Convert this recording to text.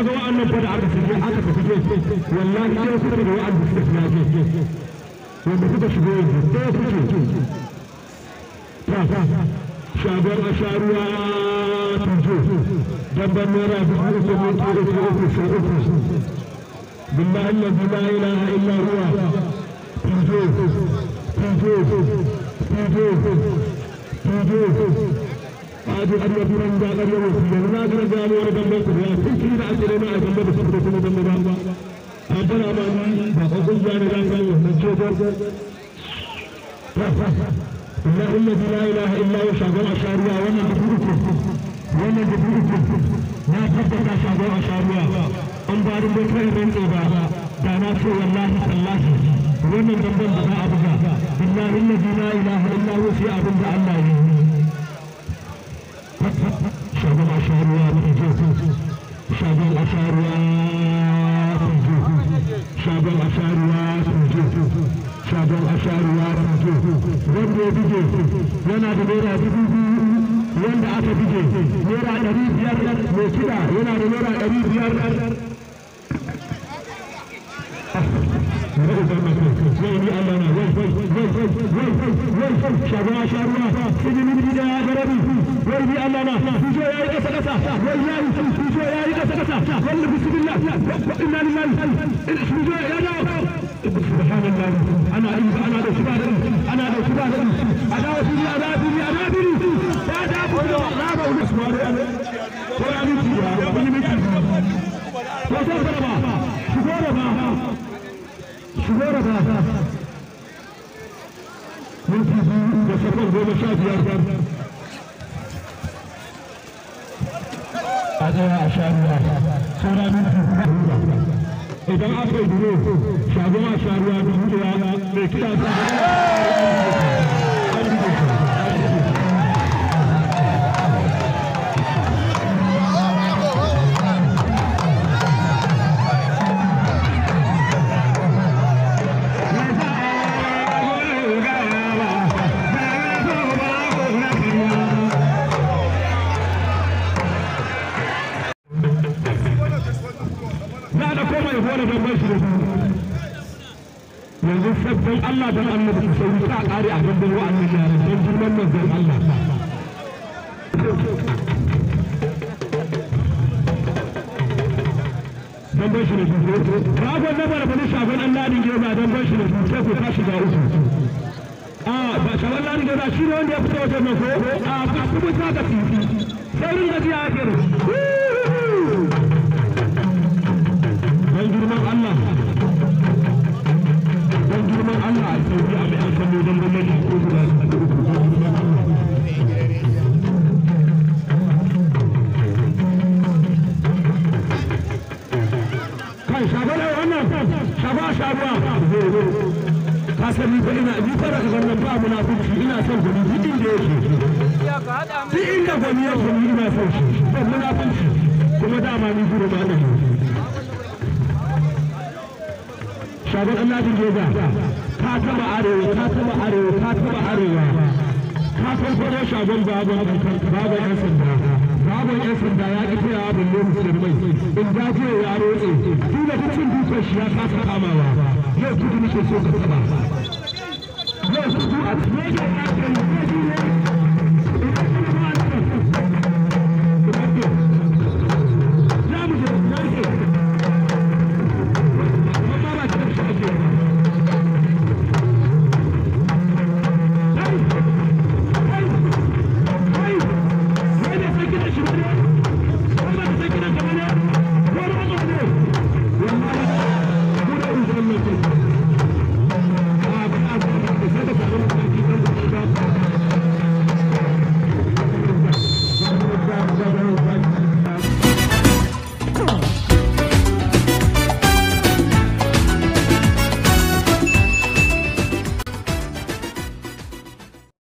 هذا وأنا بدي أعرف هذا بس والله كيف بدي وأنا بس ناجي وبخدش بيه تيجي شابر أشاروا تجو دبا مرا بحركة من طريق أخرس أخرس بالله الذي لا إله إلا هو تجو تجو تجو تجو تجو ಅದು ಅನ್ನೋದಿನ ಎಲ್ಲ ಕಡೆ ಜಾನುವಾರ ಬಂದಂತಿದೆ ಕೃಷಿನ ಆಚರಣೆ ಆಗಂಬದು ಸಂಪೂರ್ಣ ಬಂದದ ಅಬ್ಬರ ಅಬಾನಿ ಹೊಸಜಾನಿಗಾಗಿ ಮುಖ್ಯದ الله الذي لا اله الا هو شعبان اشعريا وانا بفرقه وانا بفرقه ما فقط شعبان اشعريا ان بعد بكره من ابا دانا شو والله تالله وانا بندم بدا ابدا بالله الذي لا اله الا هو في ابدا الله shagon ashariya na ejeku shagon ashariya kunje shagon ashariya kunje shagon ashariya kunje wanda yana da naira dubu wanda aka bige naira ɗari biyar mai kiɗa yana da naira ɗari biyar zai ni Allah na shagowa sharuwa ilimin gida ya yi yi goma sha biyar a tsaya a sha ruwa saura idan aka yi duro sha goma sha dole don bai shi da yanzu sabbin Allah don annabi ku sauri a ƙari a gaban wa'annan yaran don girman manzon Allah don bashi da jiki ragon na bara bani shagon an ladin geza don bashi da jiki sai ku tashi ga uku a ba shagon ladin geza shi ne wanda ya fito wajen nan ko a kuma ta ga titi sai rinka jiya ya gero wannan shaba shaba zoro ka sani ba ina ni fara ka zannan ba munafiki ina son gudu duk inda yake duk inda gumi yake ni ina son shi ba munafiki kuma dama ni gudu ba ina shagon annabin joga ka taba arewa ka taba arewa ka taba arewa ka ko dai shagon babu babu yan sanda babu yan sanda ya ki taya abin ne musulmai in da je ya rotse duk da cikin dukkan shi ya kasa kamawa yau kudu nake so ka taba yau kudu a cikin Thank you.